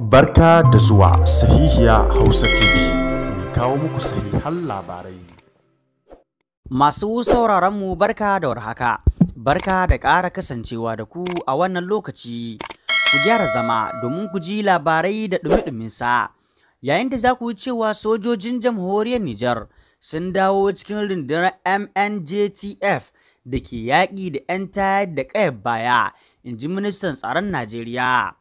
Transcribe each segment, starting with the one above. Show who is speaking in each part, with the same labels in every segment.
Speaker 1: Barka da zuwa sahihiya Hausa TV, mai kawo muku sahihan labarai. Masu sauraronmu barka da warhaka, barka da ƙara kasancewa da ku a wannan lokaci. Ku gyara zama domin ku ji labarai da ɗumi sa. Yayin da za ku cewa sojojin jamhuriyar Nijar sun dawo cikin rundunar MNJTF da ke yaƙi da 'yan tayar da ƙayar baya, in ji ministan tsaron Najeriya.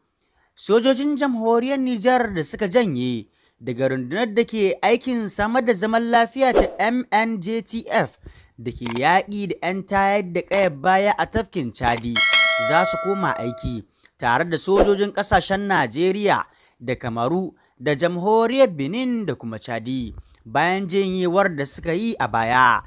Speaker 1: sojojin jamhuriyar Nijar da suka janye daga rundunar da ke aikin samar da zaman lafiya ta MNJTF da ke yaƙi da 'yan tayar da ƙayar baya a tafkin Chadi za su koma aiki tare da sojojin ƙasashen Najeriya da Kamaru da jamhuriyar Benin da kuma Chadi bayan janyewar da suka yi a baya.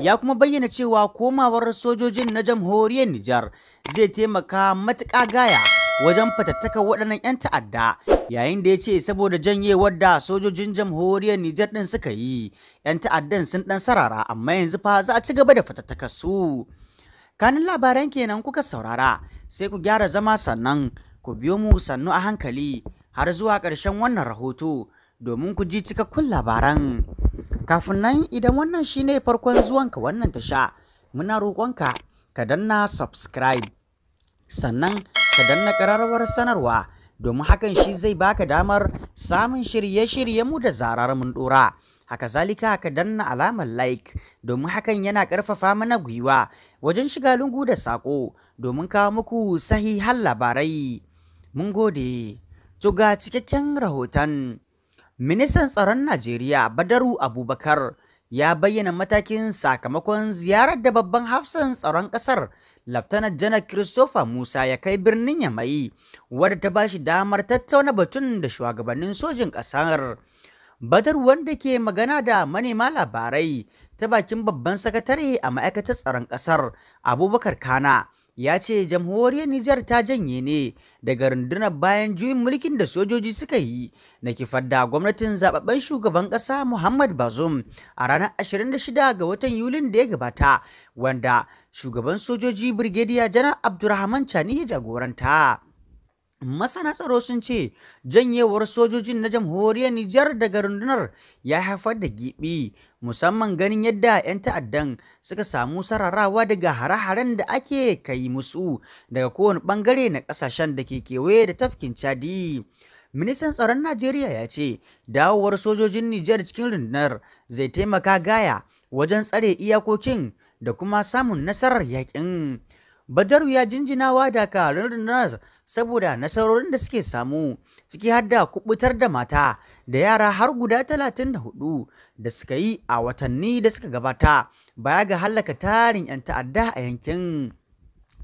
Speaker 1: ya kuma bayyana cewa komawar sojojin na jamhuriyar Nijar zai taimaka matuƙa gaya wajen fatattaka waɗannan 'yan ta'adda yayin da ya ce saboda janyewar da sojojin jamhuriyar Nijar ɗin suka yi 'yan ta'addan sun ɗan sarara amma yanzu fa za a ci gaba da fatattakar su. Kanin labaran kenan kuka saurara sai ku gyara zama sannan ku biyo mu sannu a hankali har zuwa ƙarshen wannan rahoto domin ku ji cikakkun labaran. Kafin nan idan wannan shine farkon zuwanka wannan tasha muna roƙonka ka danna subscribe sannan ka danna ƙararrawar sanarwa domin hakan shi zai baka damar samun shirye-shirye mu da zarar mun ɗora. Haka zalika ka danna alamar like domin hakan yana ƙarfafa mana gwiwa wajen shiga lungu da saƙo domin kawo muku sahihan labarai. Mun gode. Tuga cikakken rahoton. Ministan tsaron Najeriya Badaru Abubakar ya bayyana matakin sakamakon ziyarar da babban hafsan tsaron ƙasar Laftanar Janar Christopher Musa ya kai birnin Yamai, wadda ta ba shi damar tattauna batun da shugabannin sojin ƙasar. Badar wanda ke magana da manema labarai ta bakin babban sakatare a ma'aikatar tsaron ƙasar Abubakar Kana ya ce jamhuriyar Nijar ta janye ne daga rundunar bayan juyin mulkin da sojoji suka yi na kifar da gwamnatin zababben shugaban ƙasa Muhammad Bazoum a ranar 26 ga watan Yulin da ya gabata wanda shugaban sojoji Birgediya Janar Abdurrahman Chani ya jagoranta. Masana tsaro sun ce janyewar sojojin na jamhuriyar Nijar daga rundunar ya haifar da gibi musamman ganin yadda 'yan ta'addan suka samu sararawa daga hare-haren da ake kai musu daga kowane ɓangare na ƙasashen da ke kewaye da tafkin Chadi. Ministan tsaron Najeriya ya ce dawowar sojojin Nijar cikin rundunar zai taimaka gaya wajen tsare iyakokin da kuma samun nasarar yakin. Badaru ya jinjina wa dakarun rundunar saboda nasarorin da suke samu ciki har da kubutar da mata da yara har guda 34 da suka yi a watanni da suka gabata baya ga hallaka tarin 'yan ta'adda a yankin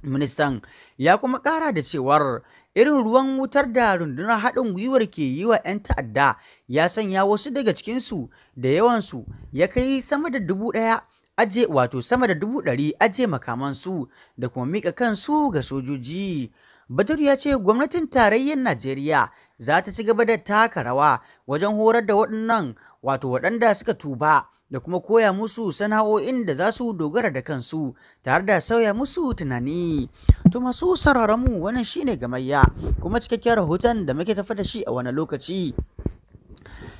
Speaker 1: ministan ya kuma kara da cewar Irin ruwan wutar da rundunar haɗin gwiwar ke yi wa 'yan ta'adda ya sanya wasu daga cikinsu da yawansu ya kai sama da dubu ɗaya aje wato sama da dubu ɗari aje makamansu da kuma mika kansu ga sojoji. Badar ya ce gwamnatin tarayyar Najeriya za ta ci gaba da taka rawa wajen horar da waɗannan wato waɗanda suka tuba da kuma koya musu sana'o'in da za su dogara da kansu tare da sauya musu tunani to masu sauraron mu wannan shine gamayya kuma cikakken rahoton da muke tafa da shi a wani lokaci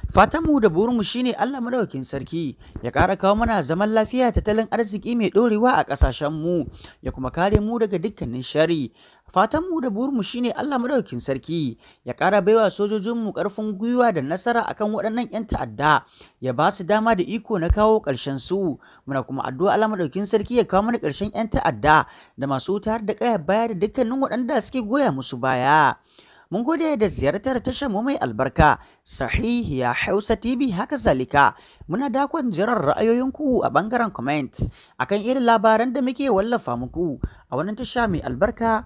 Speaker 1: Fatanmu da burinmu shine Allah madaukakin sarki ya ƙara kawo mana zaman lafiya tattalin arziki mai ɗorewa a ƙasashenmu ya kuma kare mu daga dukkanin shari. Fatanmu da burinmu shine Allah madaukakin sarki ya ƙara baiwa sojojinmu ƙarfin gwiwa da nasara akan waɗannan 'yan ta'adda ya ba su dama da iko na kawo ƙarshen su muna kuma addu'a Allah madaukakin sarki ya kawo mana ƙarshen 'yan ta'adda da masu wutar da ƙaya baya da dukkanin waɗanda suke goya musu baya. Mun gode da ziyartar tashar mu mai albarka ya Hausa TV haka zalika. Muna dakon jiran ra'ayoyinku a bangaren comment akan irin labaran da muke wallafa muku a wannan tasha mai albarka.